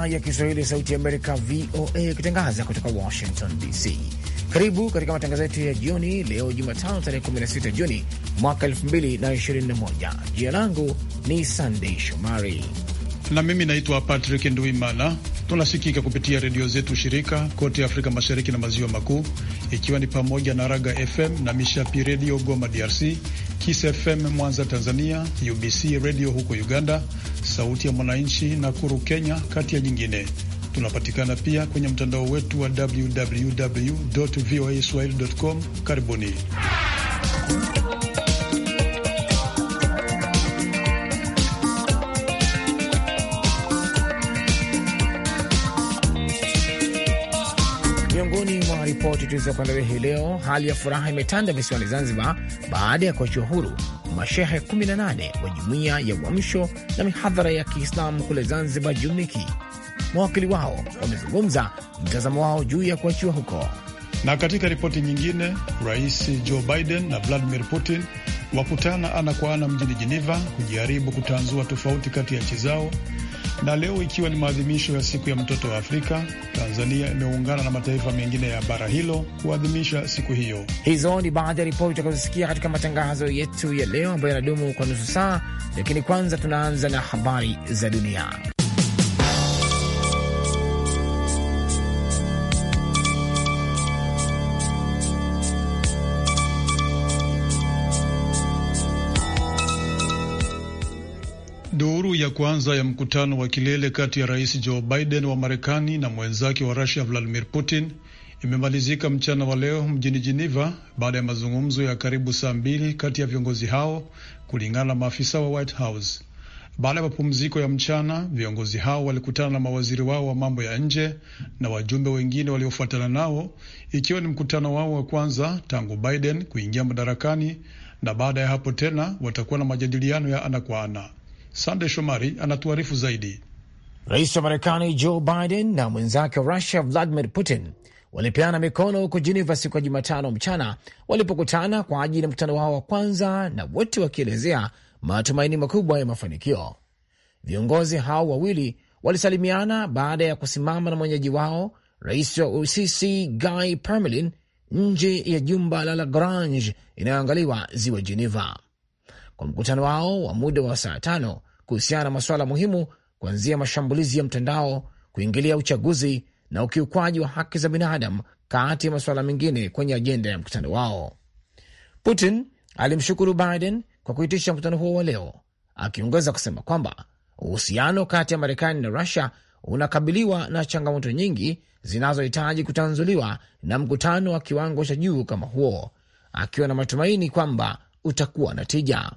idhaa ya Kiswahili ya Sauti ya Amerika, VOA, ikitangaza kutoka Washington DC. Karibu katika matangazo yetu ya jioni leo Jumatano, tarehe 16 Juni mwaka 2021. Jina langu ni Sandei Shomari na mimi naitwa Patrick Nduimana. Tunasikika kupitia redio zetu shirika kote Afrika Mashariki na Maziwa Makuu, ikiwa ni pamoja na Raga FM na Mishapi Redio Goma DRC, Kis FM Mwanza Tanzania, UBC Redio huko Uganda, Sauti ya Mwananchi Nakuru Kenya, kati ya nyingine. Tunapatikana pia kwenye mtandao wetu wa www voa swahili com. Karibuni. tulizo kuandalia hii leo, hali ya furaha imetanda visiwani Zanzibar baada ya kuachiwa huru mashehe 18 wa jumuiya ya Uamsho na mihadhara ya Kiislamu kule Zanzibar, Jumiki. Mawakili wao wamezungumza mtazamo wao juu ya kuachiwa huko. Na katika ripoti nyingine, Rais Joe Biden na Vladimir Putin wakutana ana kwa ana mjini Jeneva kujaribu kutanzua tofauti kati ya nchi zao na leo ikiwa ni maadhimisho ya siku ya mtoto wa Afrika, Tanzania imeungana na mataifa mengine ya bara hilo kuadhimisha siku hiyo. Hizo ni baadhi ya ripoti utakazosikia katika matangazo yetu ya leo ambayo yanadumu kwa nusu saa, lakini kwanza tunaanza na habari za dunia. duru ya kwanza ya mkutano wa kilele kati ya Rais Joe Biden wa Marekani na mwenzake wa Rusia Vladimir Putin imemalizika mchana wa leo mjini Geneva baada ya mazungumzo ya karibu saa mbili kati ya viongozi hao kulingana na maafisa wa White House. Baada ya mapumziko ya mchana, viongozi hao walikutana na mawaziri wao wa mambo ya nje na wajumbe wengine waliofuatana nao, ikiwa ni mkutano wao wa kwanza tangu Biden kuingia madarakani, na baada ya hapo tena watakuwa na majadiliano ya ana kwa ana. Sande Shomari anatuarifu zaidi. Rais wa Marekani Joe Biden na mwenzake wa Rusia Vladimir Putin walipeana mikono huko Jeneva siku ya Jumatano mchana walipokutana kwa ajili ya mkutano wao wa kwanza, na wote wakielezea matumaini makubwa ya mafanikio. Viongozi hao wawili walisalimiana baada ya kusimama na mwenyeji wao rais wa Usisi Guy Parmelin nje ya jumba la Lagrange inayoangaliwa ziwa Jeneva kwa mkutano wao wa muda wa saa tano kuhusiana na masuala muhimu kuanzia mashambulizi ya mtandao, kuingilia uchaguzi na ukiukwaji wa haki za binadamu, kati ya masuala mengine kwenye ajenda ya mkutano wao. Putin alimshukuru Biden kwa kuitisha mkutano huo wa leo, akiongeza kusema kwamba uhusiano kati ya Marekani na Rusia unakabiliwa na changamoto nyingi zinazohitaji kutanzuliwa na mkutano wa kiwango cha juu kama huo, akiwa na matumaini kwamba utakuwa na tija.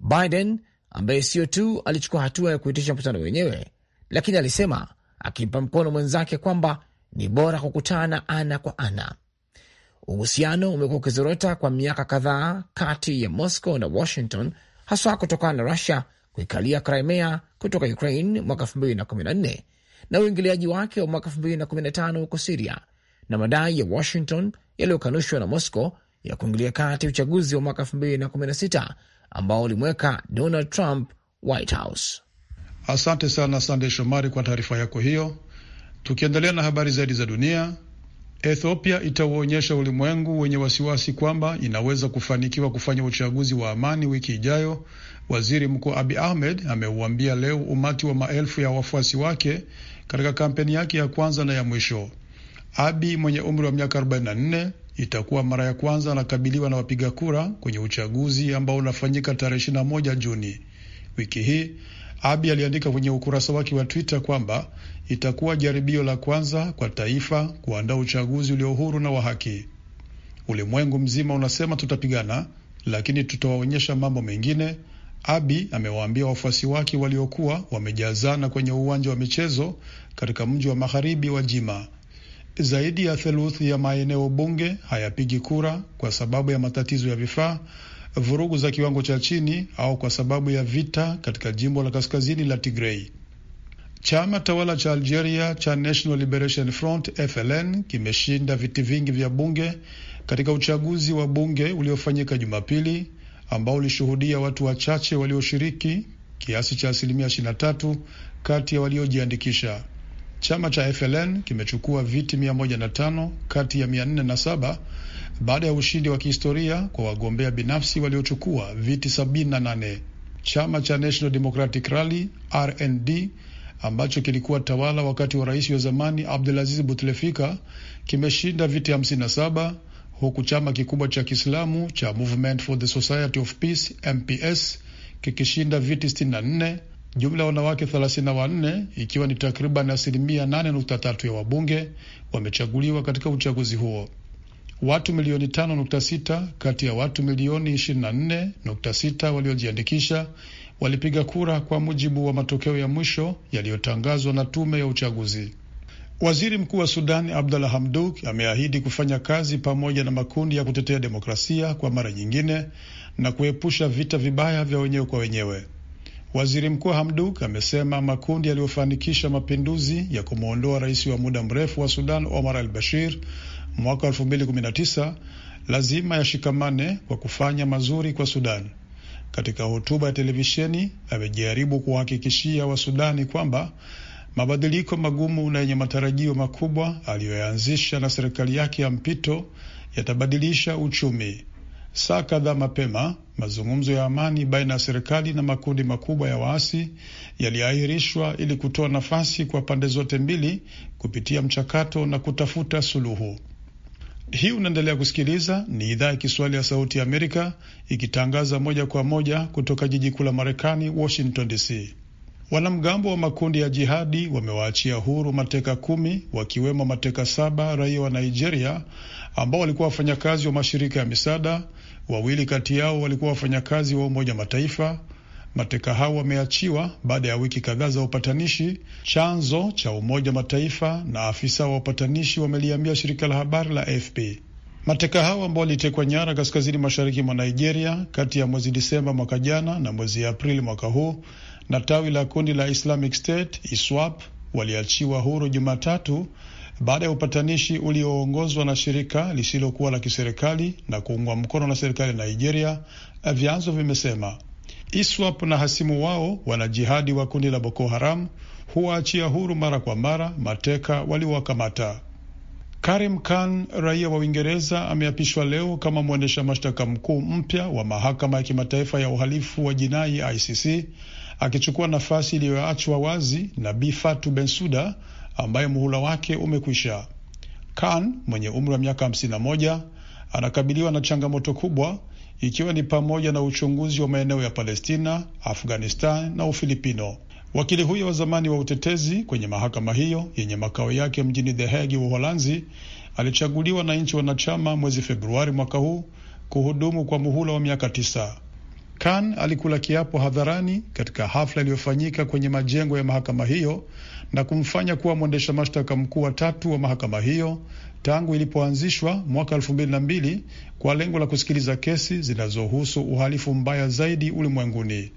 Biden ambaye siyo tu alichukua hatua ya kuitisha mkutano wenyewe, lakini alisema akimpa mkono mwenzake kwamba ni bora kukutana ana kwa ana. Uhusiano umekuwa ukizorota kwa miaka kadhaa kati ya Moscow na Washington, haswa kutokana na Rusia kuikalia Crimea kutoka Ukraine mwaka 2014 na uingiliaji wake wa mwaka 2015 huko Siria na madai ya Washington yaliyokanushwa na Moscow ya kuingilia kati uchaguzi wa mwaka 2016 ambao ulimweka Donald Trump White House. Asante sana Sandey Shomari kwa taarifa yako hiyo. Tukiendelea na habari zaidi za dunia, Ethiopia itauonyesha ulimwengu wenye wasiwasi kwamba inaweza kufanikiwa kufanya uchaguzi wa amani wiki ijayo, waziri mkuu Abi Ahmed ameuambia leo umati wa maelfu ya wafuasi wake katika kampeni yake ya kwanza na ya mwisho. Abi mwenye umri wa miaka itakuwa mara ya kwanza anakabiliwa na wapiga kura kwenye uchaguzi ambao unafanyika tarehe 21 Juni. Wiki hii Abi aliandika kwenye ukurasa wake wa Twitter kwamba itakuwa jaribio la kwanza kwa taifa kuandaa uchaguzi ulio huru na wa haki. Ulimwengu mzima unasema tutapigana, lakini tutawaonyesha mambo mengine, Abi amewaambia wafuasi wake waliokuwa wamejazana kwenye uwanja wa michezo katika mji wa magharibi wa Jima. Zaidi ya theluthi ya maeneo bunge hayapigi kura kwa sababu ya matatizo ya vifaa, vurugu za kiwango cha chini au kwa sababu ya vita katika jimbo la kaskazini la Tigrei. Chama tawala cha Algeria cha National Liberation Front FLN kimeshinda viti vingi vya bunge katika uchaguzi wa bunge uliofanyika Jumapili ambao ulishuhudia watu wachache walioshiriki kiasi cha asilimia 23 kati ya waliojiandikisha. Chama cha FLN kimechukua viti 105 kati ya 407 baada ya ushindi wa kihistoria kwa wagombea binafsi waliochukua viti 78. Chama cha National Democratic Rally RND ambacho kilikuwa tawala wakati wa rais wa zamani Abdulaziz Butlefika kimeshinda viti 57 huku chama kikubwa cha Kiislamu cha Movement for the Society of Peace MPS kikishinda viti 64 Jumla ya wanawake 34 ikiwa ni takriban asilimia 8.3 ya wabunge wamechaguliwa katika uchaguzi huo. Watu milioni 5.6 kati ya watu milioni 24.6 waliojiandikisha walipiga kura kwa mujibu wa matokeo ya mwisho yaliyotangazwa na tume ya uchaguzi. Waziri Mkuu wa Sudan Abdalla Hamduk ameahidi kufanya kazi pamoja na makundi ya kutetea demokrasia kwa mara nyingine na kuepusha vita vibaya vya wenyewe kwa wenyewe. Waziri Mkuu Hamduk amesema makundi yaliyofanikisha mapinduzi ya kumwondoa rais wa muda mrefu wa Sudan Omar al Bashir mwaka 2019 lazima yashikamane kwa kufanya mazuri kwa Sudani. Katika hotuba ya televisheni amejaribu kuwahakikishia Wasudani kwamba mabadiliko magumu na yenye matarajio makubwa aliyoyaanzisha na serikali yake ya mpito yatabadilisha uchumi. Saa kadhaa mapema, mazungumzo ya amani baina ya serikali na makundi makubwa ya waasi yaliahirishwa ili kutoa nafasi kwa pande zote mbili kupitia mchakato na kutafuta suluhu. Hii unaendelea kusikiliza, ni idhaa ya Kiswahili ya Sauti ya Amerika ikitangaza moja kwa moja kutoka jiji kuu la Marekani, Washington DC. Wanamgambo wa makundi ya jihadi wamewaachia huru mateka kumi wakiwemo mateka saba raia wa Nigeria ambao walikuwa wafanyakazi wa mashirika ya misaada Wawili kati yao walikuwa wafanyakazi wa Umoja Mataifa. Mateka hao wameachiwa baada ya wiki kadhaa za upatanishi, chanzo cha Umoja Mataifa na afisa wa upatanishi wameliambia shirika la habari la AFP. Mateka hao ambao walitekwa nyara kaskazini mashariki mwa Nigeria kati ya mwezi Disemba mwaka jana na mwezi Aprili mwaka huu na tawi la kundi la Islamic State ISWAP waliachiwa huru Jumatatu baada ya upatanishi ulioongozwa na shirika lisilokuwa la kiserikali na kuungwa mkono na serikali ya Nigeria, vyanzo vimesema. ISWAP na hasimu wao wanajihadi wa kundi la Boko Haram huwaachia huru mara kwa mara mateka waliowakamata. Karim Khan, raia wa Uingereza, ameapishwa leo kama mwendesha mashtaka mkuu mpya wa mahakama ya kimataifa ya uhalifu wa jinai ICC, akichukua nafasi iliyoachwa wazi na Bi Fatu Bensuda ambaye muhula wake umekwisha. Khan mwenye umri wa miaka 51 anakabiliwa na changamoto kubwa ikiwa ni pamoja na uchunguzi wa maeneo ya Palestina, Afghanistan na Ufilipino. Wakili huyo wa zamani wa utetezi kwenye mahakama hiyo yenye makao yake mjini The Hague, Uholanzi, alichaguliwa na nchi wanachama mwezi Februari mwaka huu kuhudumu kwa muhula wa miaka tisa. Khan alikula kiapo hadharani katika hafla iliyofanyika kwenye majengo ya mahakama hiyo na kumfanya kuwa mwendesha mashtaka mkuu wa tatu wa mahakama hiyo tangu ilipoanzishwa mwaka elfu mbili na mbili kwa lengo la kusikiliza kesi zinazohusu uhalifu mbaya zaidi ulimwenguni.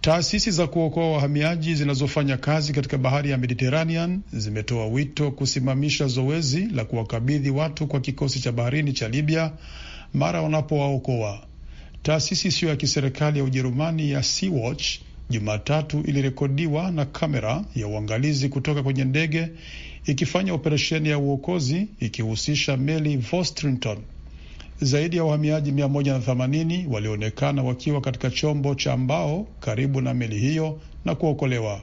Taasisi za kuokoa wahamiaji zinazofanya kazi katika bahari ya Mediteranean zimetoa wito kusimamisha zoezi la kuwakabidhi watu kwa kikosi cha baharini cha Libya mara wanapowaokoa. Taasisi isiyo ya kiserikali ya Ujerumani ya Sea-Watch Jumatatu ilirekodiwa na kamera ya uangalizi kutoka kwenye ndege ikifanya operesheni ya uokozi ikihusisha meli Vostrington. Zaidi ya wahamiaji 180 walionekana wakiwa katika chombo cha mbao karibu na meli hiyo na kuokolewa.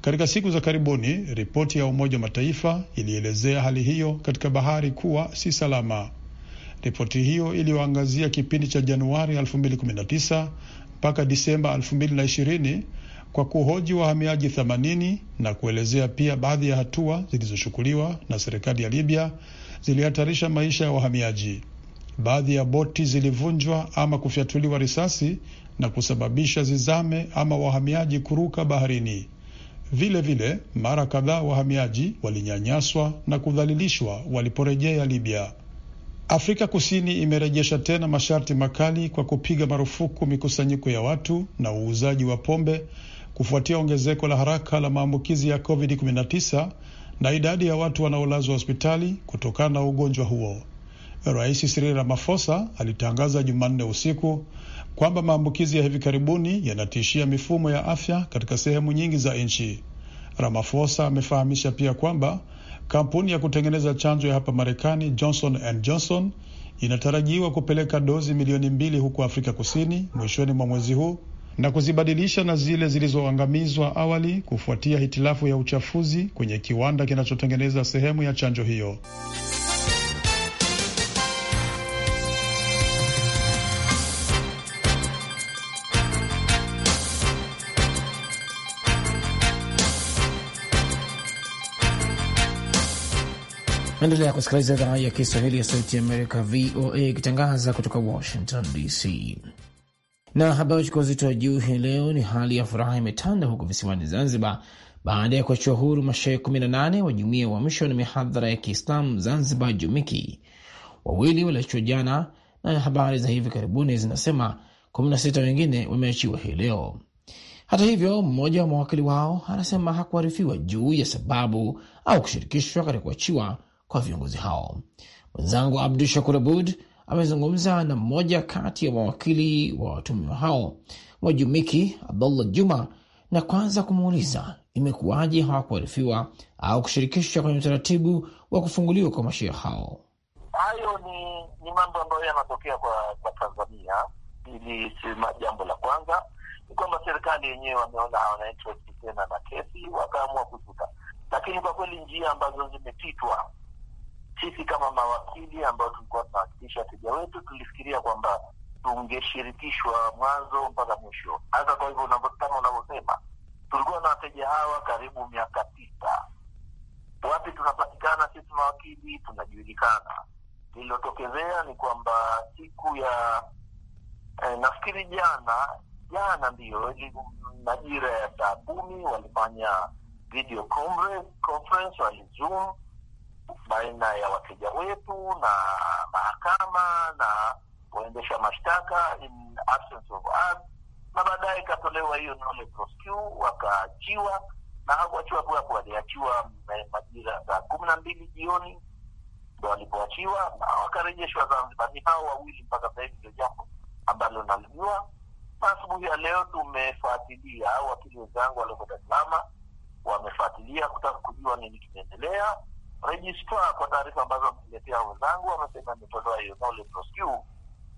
Katika siku za karibuni, ripoti ya Umoja wa Mataifa ilielezea hali hiyo katika bahari kuwa si salama. Ripoti hiyo iliyoangazia kipindi cha Januari 2019 mpaka Disemba 2020 kwa kuhoji wahamiaji 80 na kuelezea pia baadhi ya hatua zilizochukuliwa na serikali ya Libya zilihatarisha maisha ya wahamiaji. Baadhi ya boti zilivunjwa ama kufyatuliwa risasi na kusababisha zizame ama wahamiaji kuruka baharini. Vile vile, mara kadhaa wahamiaji walinyanyaswa na kudhalilishwa waliporejea Libya. Afrika Kusini imerejesha tena masharti makali kwa kupiga marufuku mikusanyiko ya watu na uuzaji wa pombe kufuatia ongezeko la haraka la maambukizi ya COVID-19 na idadi ya watu wanaolazwa hospitali kutokana na ugonjwa huo. Rais Cyril Ramaphosa alitangaza Jumanne usiku kwamba maambukizi ya hivi karibuni yanatishia mifumo ya afya katika sehemu nyingi za nchi. Ramaphosa amefahamisha pia kwamba kampuni ya kutengeneza chanjo ya hapa Marekani Johnson and Johnson inatarajiwa kupeleka dozi milioni mbili huko Afrika Kusini mwishoni mwa mwezi huu na kuzibadilisha na zile zilizoangamizwa awali kufuatia hitilafu ya uchafuzi kwenye kiwanda kinachotengeneza sehemu ya chanjo hiyo. Naendelea kusikiliza idhaa ya Kiswahili ya Sauti Amerika, VOA, ikitangaza kutoka Washington DC. Na habari chukua uzito wa juu hii leo ni hali ya furaha imetanda huko visiwani Zanzibar baada ya kuachiwa huru mashehe 18 wa jumuia ya Uamsho na Mihadhara ya Kiislamu Zanzibar, JUMIKI. Wawili waliachiwa jana, na habari za hivi karibuni zinasema 16 wengine wameachiwa hii leo. Hata hivyo, mmoja wa mawakili wao anasema hakuarifiwa juu ya sababu au kushirikishwa katika kuachiwa kwa viongozi hao. Mwenzangu Abdu Shakur Abud amezungumza na mmoja kati ya mawakili wa watumiwa hao Mwajumiki Abdullah Juma na kwanza kumuuliza imekuwaje hawakuarifiwa au kushirikishwa kwenye utaratibu wa kufunguliwa kwa mashia hao. Hayo ni, ni mambo ambayo yanatokea kwa, kwa Tanzania. Ili sima jambo la kwanza ni kwamba serikali yenyewe wameona hawana interest tena na kesi, wakaamua kuzuka, lakini kwa kweli njia ambazo zimepitwa sisi kama mawakili ambao tulikuwa tunawakilisha wateja wetu tulifikiria kwamba tungeshirikishwa mwanzo mpaka mwisho. Hasa kwa hivyo, kama unavyosema, tulikuwa na wateja hawa karibu miaka tisa. Wapi tunapatikana sisi mawakili? Tunajulikana. Lililotokezea ni kwamba siku ya eh, nafikiri jana jana ndiyo majira ya saa kumi walifanya video conference, conference zoom baina ya wateja wetu na mahakama na waendesha mashtaka in absence of us, na baadaye ikatolewa hiyo nole prosequi, wakaachiwa na hakuachiwa kuwapo, waliachiwa majira saa kumi na mbili jioni ndo walipoachiwa na wakarejeshwa Zanzibar. Ni hao wawili mpaka sasa hivi, ndio jambo ambalo nalijua na asubuhi ya leo tumefuatilia, wakili wenzangu walioko Dar es Salaam wamefuatilia kutaka kujua nini kinaendelea Registrar, kwa taarifa ambazo ameletea wenzangu, amesema imetolewa hiyo nolle prosequi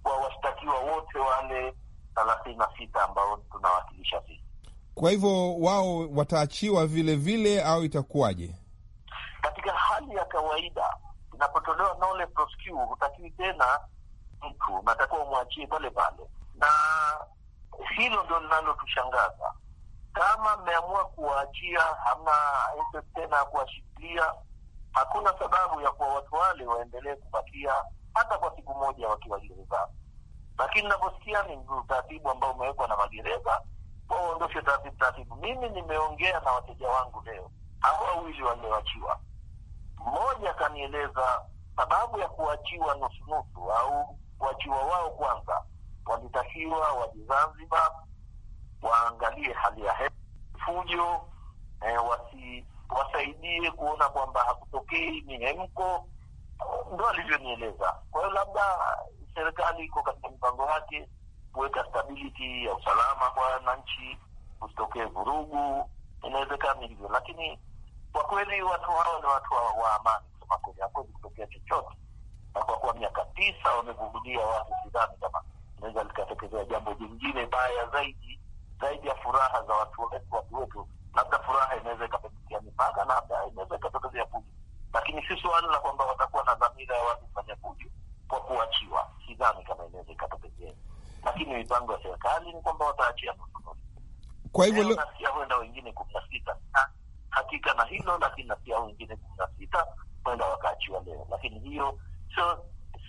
kwa washtakiwa wote wale thelathini na sita ambao tunawakilisha sisi. Kwa hivyo wao wataachiwa vile vile au itakuwaje? Katika hali ya kawaida inapotolewa nolle hutakiwi tena mtu, natakiwa umwachie pale pale, na hilo ndio linalotushangaza. Kama mmeamua kuwaachia, hamna tena ya kuwashikilia Hakuna sababu ya kuwa watu wale waendelee kubakia hata kwa siku moja wakiwa gereza. lakini navyosikia ni utaratibu ambao umewekwa na magereza waondoshe taratibu taratibu. Mimi nimeongea na wateja wangu leo, hao wawili walioachiwa, mmoja akanieleza sababu ya kuachiwa nusunusu au kuachiwa wao kwanza, walitakiwa waje Zanzibar waangalie hali ya hewa, fujo eh, wasi wasaidie kuona kwamba hakutokei mihemko, ndo alivyonieleza. Kwa hiyo labda serikali iko katika mpango wake kuweka stability ya usalama kwa wananchi, kusitokee vurugu. Inawezekana hivyo, lakini kwa kweli watu hawa ni watu wa amani, kusema kweli hakuwezi kutokea chochote, na kwa kuwa miaka tisa wamevugulia watu, sidhani kama inaweza likatekezea jambo jingine baya zaidi zaidi ya furaha za watu wetu. Watu wetu labda furaha inaweza kujipanga, labda inaweza ikatokezea fujo, lakini si suala la kwamba watakuwa na dhamira ya watu kufanya fujo kwa kuachiwa. Sidhani kama inaweza ikatokezea, lakini mipango ya serikali ni kwamba wataachia nusu. Kwa hivyo leo nasikia huenda wengine kumi na sita hakika na hilo, lakini nasikia wengine kumi na sita huenda wakaachiwa leo, lakini hiyo so,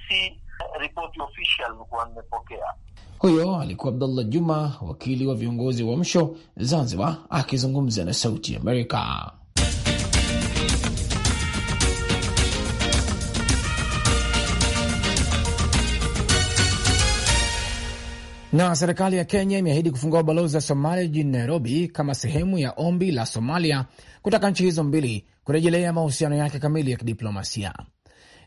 si ripoti official nikuwa nimepokea. Huyo alikuwa Abdullah Juma, wakili wa viongozi wa msho Zanzibar, akizungumza na Sauti Amerika. Na serikali ya Kenya imeahidi kufungua ubalozi wa Somalia jijini Nairobi kama sehemu ya ombi la Somalia kutaka nchi hizo mbili kurejelea mahusiano yake kamili ya kidiplomasia.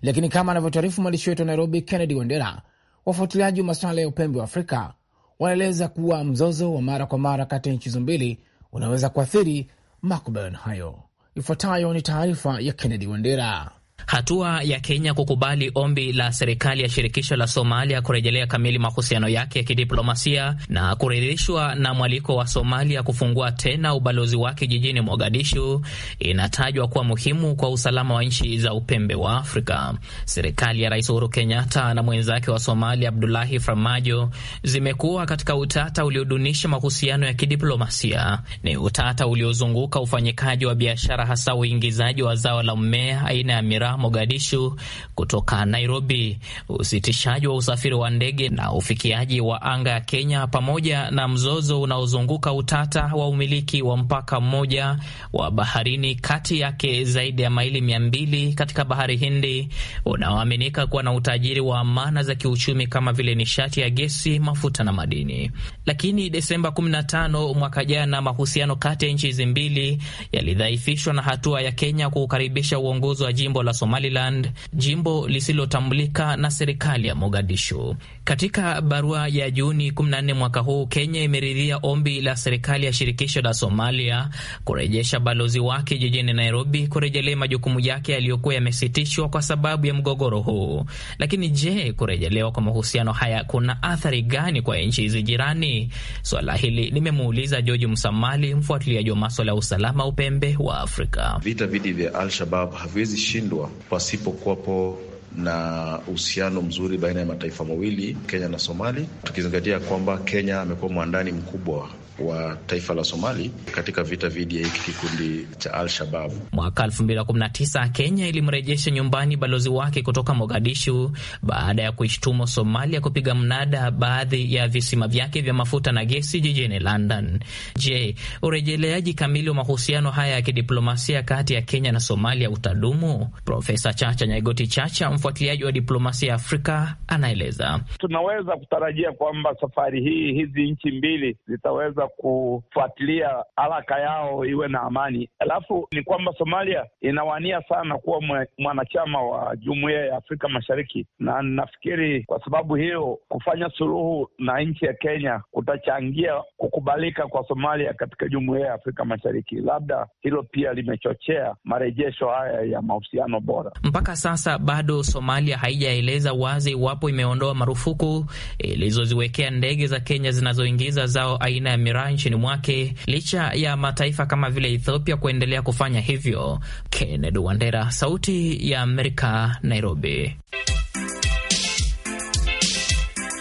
Lakini kama anavyotaarifu mwandishi wetu wa Nairobi, Kennedy Wandera, wafuatiliaji wa masuala ya upembe wa Afrika wanaeleza kuwa mzozo wa mara kwa mara kati ya nchi hizo mbili unaweza kuathiri makubaliano hayo. Ifuatayo ni taarifa ya Kennedy Wandera. Hatua ya Kenya kukubali ombi la serikali ya shirikisho la Somalia kurejelea kamili mahusiano yake ya kidiplomasia na kuridhishwa na mwaliko wa Somalia kufungua tena ubalozi wake jijini Mogadishu inatajwa kuwa muhimu kwa usalama wa nchi za upembe wa Afrika. Serikali ya Rais Uhuru Kenyatta na mwenzake wa Somalia Abdulahi Farmajo zimekuwa katika utata uliodunisha mahusiano ya kidiplomasia. Ni utata uliozunguka ufanyikaji wa biashara, hasa uingizaji wa zao la mmea aina ya Kahira, Mogadishu kutoka Nairobi, usitishaji wa usafiri wa ndege na ufikiaji wa anga ya Kenya, pamoja na mzozo unaozunguka utata wa umiliki wa mpaka mmoja wa baharini kati yake zaidi ya maili mia mbili katika bahari Hindi unaoaminika kuwa na utajiri wa amana za kiuchumi kama vile nishati ya gesi, mafuta na madini. Lakini Desemba 15 mwaka jana, mahusiano kati ya nchi hizi mbili yalidhaifishwa na hatua ya Kenya kuukaribisha uongozi wa jimbo la Somaliland, jimbo lisilotambulika na serikali ya Mogadishu. Katika barua ya Juni 14 mwaka huu, Kenya imeridhia ombi la serikali ya shirikisho la Somalia kurejesha balozi wake jijini Nairobi kurejelea majukumu yake yaliyokuwa yamesitishwa kwa sababu ya mgogoro huu. Lakini je, kurejelewa kwa mahusiano haya kuna athari gani kwa nchi hizi jirani? Swala hili limemuuliza George Msamali, mfuatiliaji wa maswala ya usalama upembe wa Afrika. Vita vidi vya Al-Shabab haviwezi shindwa pasipokuwapo na uhusiano mzuri baina ya mataifa mawili, Kenya na Somali, tukizingatia kwamba Kenya amekuwa mwandani mkubwa wa taifa la Somali katika vita dhidi ya hiki kikundi cha Al-Shabab. Mwaka 2019 Kenya ilimrejesha nyumbani balozi wake kutoka Mogadishu baada ya kuishtumu Somalia kupiga mnada baadhi ya visima vyake vya mafuta na gesi jijini London. Je, urejeleaji kamili wa mahusiano haya ya kidiplomasia kati ya Kenya na Somalia utadumu? Profesa Chacha Nyaigoti Chacha mfuatiliaji wa diplomasia ya Afrika anaeleza. Tunaweza kutarajia kwamba safari hii hizi nchi mbili zitaweza kufuatilia haraka yao iwe na amani. Alafu ni kwamba Somalia inawania sana kuwa mwanachama wa jumuiya ya Afrika Mashariki, na nafikiri kwa sababu hiyo kufanya suluhu na nchi ya Kenya kutachangia kukubalika kwa Somalia katika jumuiya ya Afrika Mashariki. Labda hilo pia limechochea marejesho haya ya mahusiano bora. Mpaka sasa bado Somalia haijaeleza wazi iwapo imeondoa marufuku ilizoziwekea ndege za Kenya zinazoingiza zao aina ya miraa nchini mwake licha ya mataifa kama vile Ethiopia kuendelea kufanya hivyo. Kennedy Wandera, Sauti ya Amerika, Nairobi.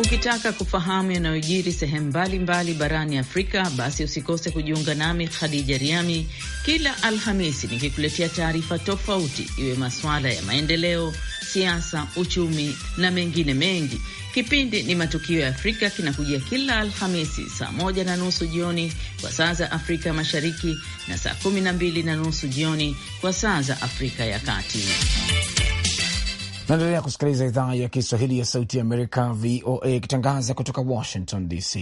Ukitaka kufahamu yanayojiri sehemu mbalimbali barani Afrika, basi usikose kujiunga nami Khadija Riami kila Alhamisi nikikuletea taarifa tofauti, iwe masuala ya maendeleo, siasa, uchumi na mengine mengi. Kipindi ni Matukio ya Afrika kinakujia kila Alhamisi saa moja na nusu jioni kwa saa za Afrika Mashariki na saa kumi na mbili na nusu jioni kwa saa za Afrika ya Kati. Naendelea kusikiliza idhaa ya Kiswahili ya Sauti ya Amerika, VOA, ikitangaza kutoka Washington DC.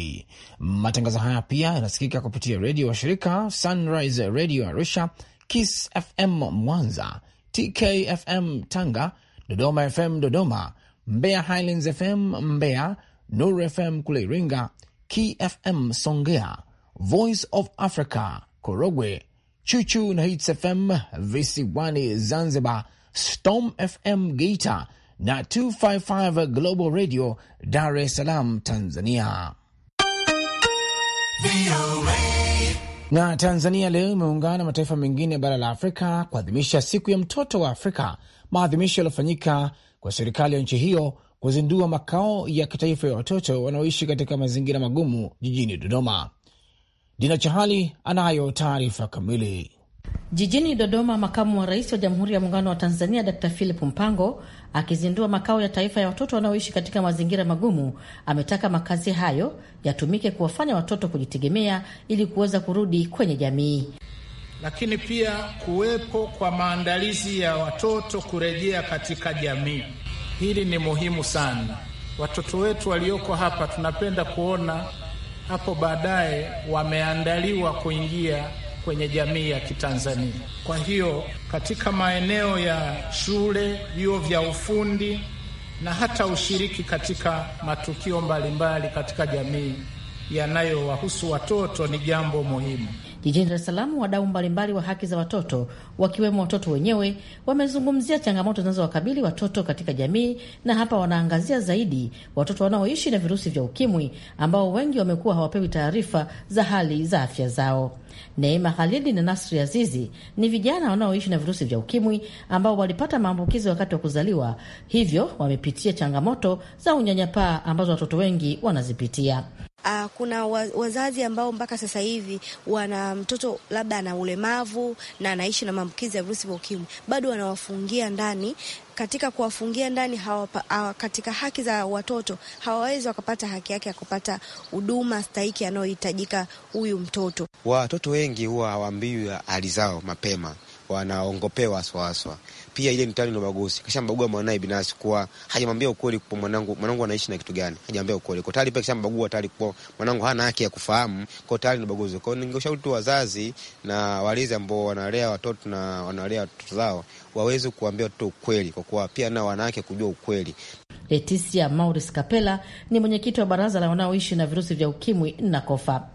Matangazo haya pia yanasikika kupitia redio wa shirika Sunrise Radio Arusha, Kiss FM Mwanza, TKFM Tanga, Dodoma FM Dodoma, Mbeya Highlands FM Mbeya, Nur FM kule Iringa, KFM Songea, Voice of Africa Korogwe, Chuchu na Hits FM visiwani Zanzibar, Storm FM Geita na 255 Global Radio Dar es Salaam, Tanzania. Na Tanzania leo imeungana na mataifa mengine ya bara la Afrika kuadhimisha siku ya mtoto wa Afrika, maadhimisho yaliyofanyika kwa serikali ya nchi hiyo kuzindua makao ya kitaifa ya watoto wanaoishi katika mazingira magumu jijini Dodoma. Dina Chahali anayo taarifa kamili. Jijini Dodoma, makamu wa rais wa Jamhuri ya Muungano wa Tanzania Dr Philip Mpango akizindua makao ya taifa ya watoto wanaoishi katika mazingira magumu, ametaka makazi hayo yatumike kuwafanya watoto kujitegemea ili kuweza kurudi kwenye jamii, lakini pia kuwepo kwa maandalizi ya watoto kurejea katika jamii. Hili ni muhimu sana. Watoto wetu walioko hapa tunapenda kuona hapo baadaye wameandaliwa kuingia kwenye jamii ya Kitanzania. Kwa hiyo katika maeneo ya shule, vyuo vya ufundi na hata ushiriki katika matukio mbalimbali mbali katika jamii yanayowahusu watoto ni jambo muhimu. Jijini Dar es Salaam, wadau mbalimbali wa haki za watoto wakiwemo watoto wenyewe wamezungumzia changamoto zinazowakabili watoto katika jamii, na hapa wanaangazia zaidi watoto wanaoishi na virusi vya UKIMWI ambao wengi wamekuwa hawapewi taarifa za hali za afya zao. Neema halidi na Nasri Azizi ni vijana wanaoishi na virusi vya ukimwi ambao walipata maambukizi wakati wa kuzaliwa, hivyo wamepitia changamoto za unyanyapaa ambazo watoto wengi wanazipitia. Uh, kuna wazazi ambao mpaka sasa hivi wana mtoto labda ana ulemavu na anaishi na maambukizi ya virusi vya ukimwi, bado wanawafungia ndani katika kuwafungia ndani hawa, katika haki za watoto hawawezi wakapata haki yake ya kupata huduma stahiki anayohitajika huyu mtoto. Watoto wengi huwa hawaambiwi hali zao mapema wanaongopewa haswa Pia ile mtani ndo magusi kashambagua mwanae binafsi kuwa hajamwambia ukweli kwa mwanangu, mwanangu anaishi na kitu gani, hajamwambia ukweli kwa tayari. Pia kishambagua tayari kwa mwanangu hana haki ya kufahamu, kwa tayari ndo magosi. Kwa hiyo ningeshauri tu wazazi na walezi ambao wanalea watoto na wanalea watoto zao waweze kuambia watoto ukweli, kwa kuwa pia nao wanawake kujua ukweli. Leticia Maurice Kapela ni mwenyekiti wa baraza la wanaoishi na virusi vya ukimwi na kofa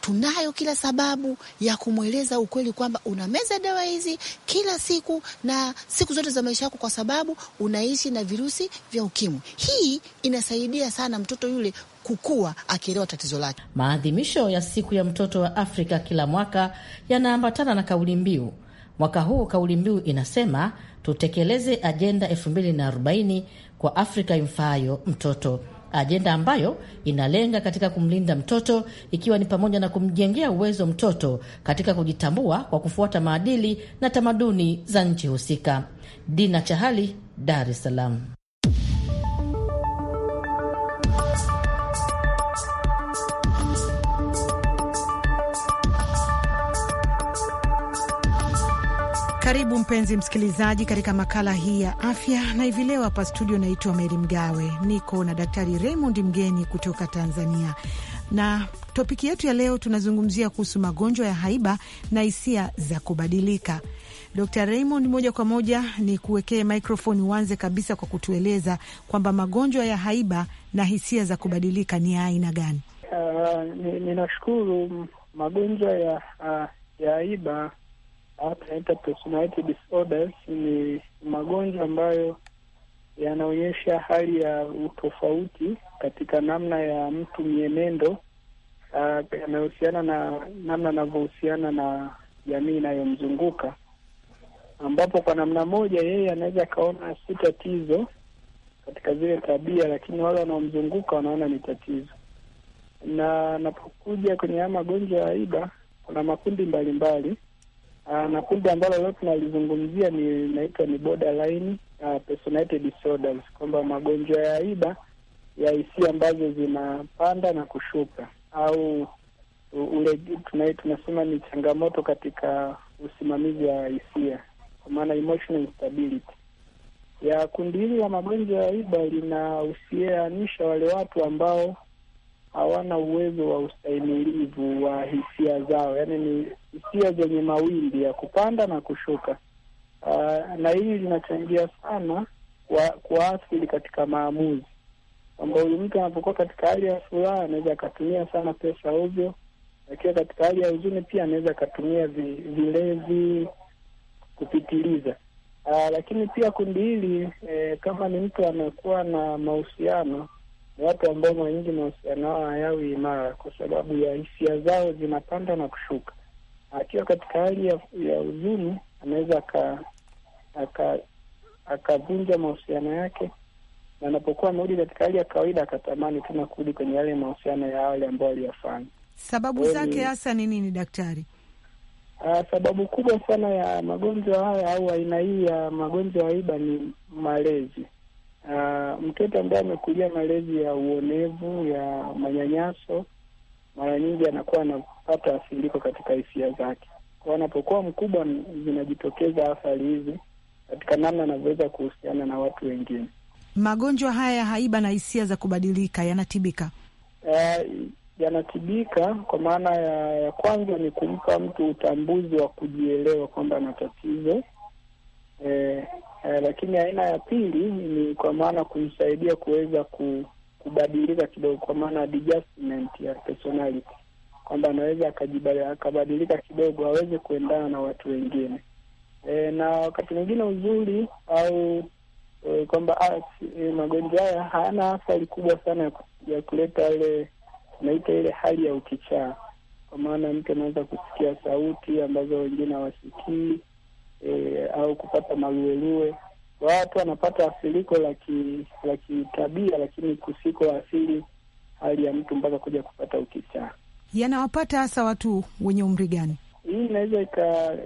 Tunayo kila sababu ya kumweleza ukweli kwamba unameza dawa hizi kila siku na siku zote za maisha yako, kwa sababu unaishi na virusi vya ukimwi. Hii inasaidia sana mtoto yule kukua akielewa tatizo lake. Maadhimisho ya siku ya mtoto wa Afrika kila mwaka yanaambatana na kauli mbiu. Mwaka huu kauli mbiu inasema tutekeleze ajenda 2040 kwa Afrika imfaayo mtoto ajenda ambayo inalenga katika kumlinda mtoto ikiwa ni pamoja na kumjengea uwezo mtoto katika kujitambua kwa kufuata maadili na tamaduni za nchi husika. Dina Chahali, Dar es Salaam. Karibu mpenzi msikilizaji, katika makala hii ya afya, na hivi leo hapa studio naitwa Meri Mgawe, niko na Daktari Raymond mgeni kutoka Tanzania, na topiki yetu ya leo tunazungumzia kuhusu magonjwa ya haiba na hisia za kubadilika. Dr Raymond, moja kwa moja ni kuwekee mikrofoni, uanze kabisa kwa kutueleza kwamba magonjwa ya haiba na hisia za kubadilika ni ya aina gani? Uh, ninashukuru. Magonjwa ya, uh, ya haiba personality disorders ni magonjwa ambayo yanaonyesha hali ya utofauti katika namna ya mtu, mienendo ah, yanayohusiana na namna anavyohusiana na jamii inayomzunguka ambapo kwa namna moja yeye anaweza akaona si tatizo katika zile tabia, lakini wale wanaomzunguka wanaona ni tatizo. Na anapokuja kwenye haya magonjwa ya iba, kuna makundi mbalimbali Uh, na kundi ambalo leo tunalizungumzia ni inaitwa ni borderline uh, personality disorders, kwamba magonjwa ya iba ya hisia ambazo zinapanda na kushuka au ule tunasema ni changamoto katika usimamizi wa hisia kwa maana emotional instability. Ya kundi hili la magonjwa ya iba linahusianisha wale watu ambao hawana uwezo wa ustahimilivu wa hisia zao, yaani ni hisia zenye mawimbi ya kupanda na kushuka. Uh, na hili linachangia sana kwa kuathiri katika maamuzi, kwamba huyu mtu anapokuwa katika hali ya furaha anaweza akatumia sana pesa ovyo, akiwa katika hali ya huzuni pia anaweza akatumia vilevi kupitiliza. Uh, lakini pia kundi hili eh, kama ni mtu anakuwa na mahusiano ni watu ambao mara nyingi mahusiano yao hayawi imara kwa sababu ya hisia zao zinapanda na kushuka. Akiwa katika hali ya, ya huzuni anaweza akavunja mahusiano yake, na anapokuwa amerudi katika hali ya kawaida akatamani tena kurudi kwenye yale mahusiano ya awali ambayo aliyafanya. Sababu Kwele, zake hasa ni nini daktari? Uh, sababu kubwa sana ya magonjwa haya au aina hii ya magonjwa ya iba ni malezi. Uh, mtoto ambaye amekulia malezi ya uonevu ya manyanyaso, mara nyingi anakuwa anapata asiliko katika hisia zake, kwa anapokuwa mkubwa zinajitokeza athari hizi katika namna anavyoweza kuhusiana na watu wengine. Magonjwa haya ya haiba na hisia za kubadilika yanatibika? Uh, yanatibika kwa maana ya, ya kwanza ni kumpa mtu utambuzi wa kujielewa kwamba ana tatizo eh, eh, lakini aina ya pili ni kwa maana kumsaidia kuweza kubadilika kidogo, kwa maana adjustment ya personality, kwamba anaweza akabadilika kidogo aweze kuendana na watu wengine eh, na wakati mwingine uzuri au eh, kwamba ah, eh, magonjwa haya hayana athari kubwa sana ya kuleta ile naita ile hali ya ukichaa, kwa maana mtu anaweza kusikia sauti ambazo wengine hawasikii e, au kupata maluelue. Watu wanapata asiliko la kitabia, lakini kusiko asili hali ya mtu mpaka kuja kupata ukichaa. Yanawapata hasa watu wenye umri gani? Hii inaweza ika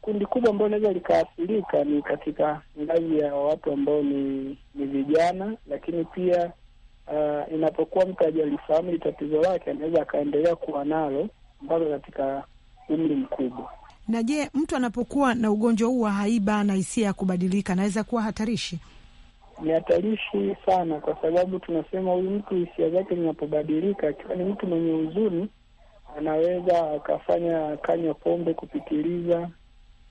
kundi kubwa ambayo inaweza likaathirika ni katika ngazi ya watu ambao ni ni vijana, lakini pia uh, inapokuwa mtu hajalifahamu tatizo lake anaweza akaendelea kuwa nalo mpaka katika umri mkubwa. Na je, mtu anapokuwa na ugonjwa huu wa haiba na hisia ya kubadilika anaweza kuwa hatarishi? Ni hatarishi sana, kwa sababu tunasema huyu mtu hisia zake zinapobadilika, akiwa ni mtu mwenye huzuni, anaweza akafanya kanywa pombe kupitiliza,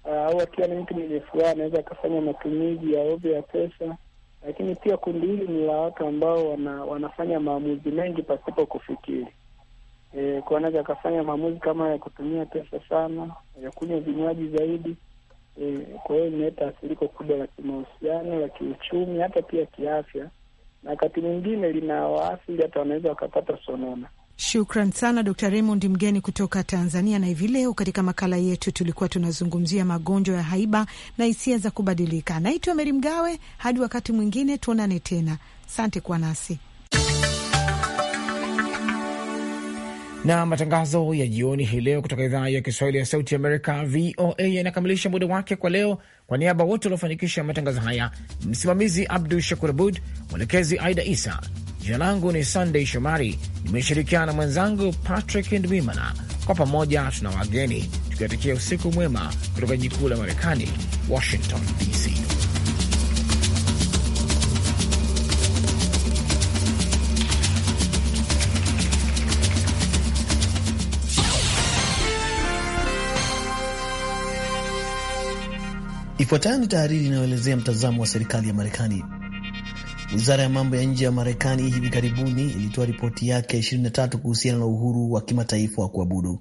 au akiwa ni mtu mwenye furaha, anaweza akafanya matumizi ya ovyo ya pesa. Lakini pia kundi hili ni la watu ambao wana, wanafanya maamuzi mengi pasipo kufikiri e, kwa akafanya maamuzi kama ya kutumia pesa sana, ya kunywa vinywaji zaidi e, kwa hiyo imeleta asiliko kubwa la kimahusiano, la kiuchumi, hata pia kiafya, na wakati mwingine linawaathiri hata wanaweza wakapata sonona. Shukran sana Dr Raymond Mgeni kutoka Tanzania. Na hivi leo katika makala yetu tulikuwa tunazungumzia magonjwa ya haiba na hisia za kubadilika. Naitwa Meri Mgawe, hadi wakati mwingine tuonane tena. Asante kwa nasi. Na matangazo ya jioni hii leo kutoka idhaa ya Kiswahili ya Sauti Amerika, VOA, yanakamilisha muda wake kwa leo. Kwa niaba wote waliofanikisha matangazo haya, msimamizi Abdu Shakur Abud, mwelekezi Aida Isa. Jina langu ni sandey Shomari, nimeshirikiana na mwenzangu Patrick Ndwimana. Kwa pamoja tuna wageni tukiwatakia usiku mwema kutoka jikuu la Marekani, Washington DC. Ifuatayo ni tahariri inayoelezea mtazamo wa serikali ya Marekani. Wizara ya mambo ya nje ya Marekani hivi karibuni ilitoa ripoti yake 23 kuhusiana na uhuru wa kimataifa wa kuabudu.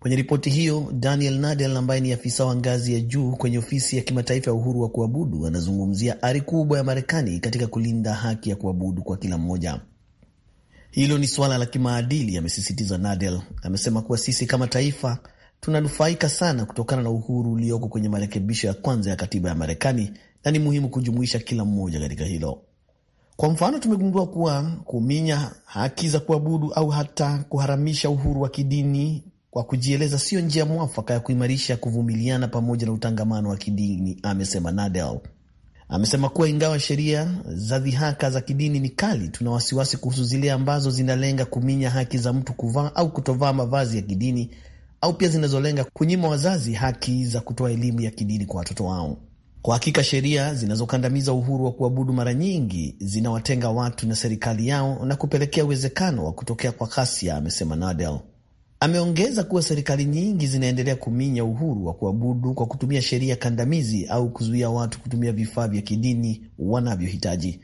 Kwenye ripoti hiyo, Daniel Nadel ambaye ni afisa wa ngazi ya juu kwenye ofisi ya kimataifa ya uhuru wa kuabudu anazungumzia ari kubwa ya Marekani katika kulinda haki ya kuabudu kwa kila mmoja. Hilo ni suala la kimaadili, amesisitiza Nadel. Amesema kuwa sisi kama taifa tunanufaika sana kutokana na uhuru ulioko kwenye marekebisho ya kwanza ya katiba ya Marekani, na ni muhimu kujumuisha kila mmoja katika hilo. Kwa mfano, tumegundua kuwa kuminya haki za kuabudu au hata kuharamisha uhuru wa kidini kwa kujieleza siyo njia mwafaka ya kuimarisha kuvumiliana pamoja na utangamano wa kidini, amesema Nadel. Amesema kuwa ingawa sheria za dhihaka za kidini ni kali, tuna wasiwasi kuhusu zile ambazo zinalenga kuminya haki za mtu kuvaa au kutovaa mavazi ya kidini au pia zinazolenga kunyima wazazi haki za kutoa elimu ya kidini kwa watoto wao. Kwa hakika sheria zinazokandamiza uhuru wa kuabudu mara nyingi zinawatenga watu na serikali yao na kupelekea uwezekano wa kutokea kwa ghasia, amesema Nadel. Ameongeza kuwa serikali nyingi zinaendelea kuminya uhuru wa kuabudu kwa kutumia sheria kandamizi au kuzuia watu kutumia vifaa vya kidini wanavyohitaji.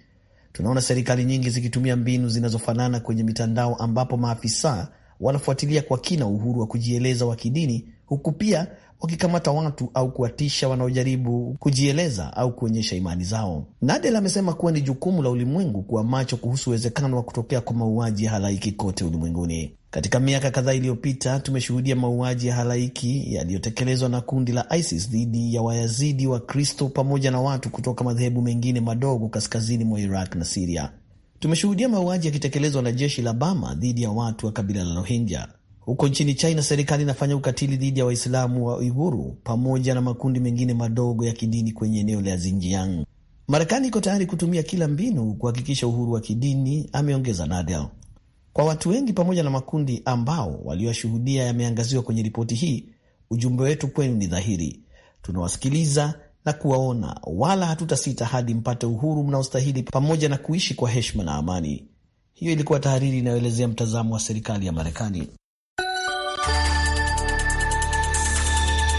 Tunaona serikali nyingi zikitumia mbinu zinazofanana kwenye mitandao ambapo maafisa wanafuatilia kwa kina uhuru wa kujieleza wa kidini, huku pia wakikamata watu au kuwatisha wanaojaribu kujieleza au kuonyesha imani zao. Nadel amesema kuwa ni jukumu la ulimwengu kuwa macho kuhusu uwezekano wa kutokea kwa mauaji ya halaiki kote ulimwenguni. Katika miaka kadhaa iliyopita tumeshuhudia mauaji ya halaiki yaliyotekelezwa na kundi la ISIS dhidi ya Wayazidi, wa kristo pamoja na watu kutoka madhehebu mengine madogo kaskazini mwa Iraq na Siria. Tumeshuhudia mauaji yakitekelezwa na jeshi la Bama dhidi ya watu wa kabila la Rohingya. Huko nchini China, serikali inafanya ukatili dhidi ya Waislamu wa Uiguru pamoja na makundi mengine madogo ya kidini kwenye eneo la Xinjiang. Marekani iko tayari kutumia kila mbinu kuhakikisha uhuru wa kidini, ameongeza Nadel. Kwa watu wengi pamoja na makundi ambao walioyashuhudia yameangaziwa kwenye ripoti hii, ujumbe wetu kwenu ni dhahiri: tunawasikiliza na kuwaona, wala hatutasita hadi mpate uhuru mnaostahili pamoja na kuishi kwa heshima na amani. Hiyo ilikuwa tahariri inayoelezea mtazamo wa serikali ya Marekani.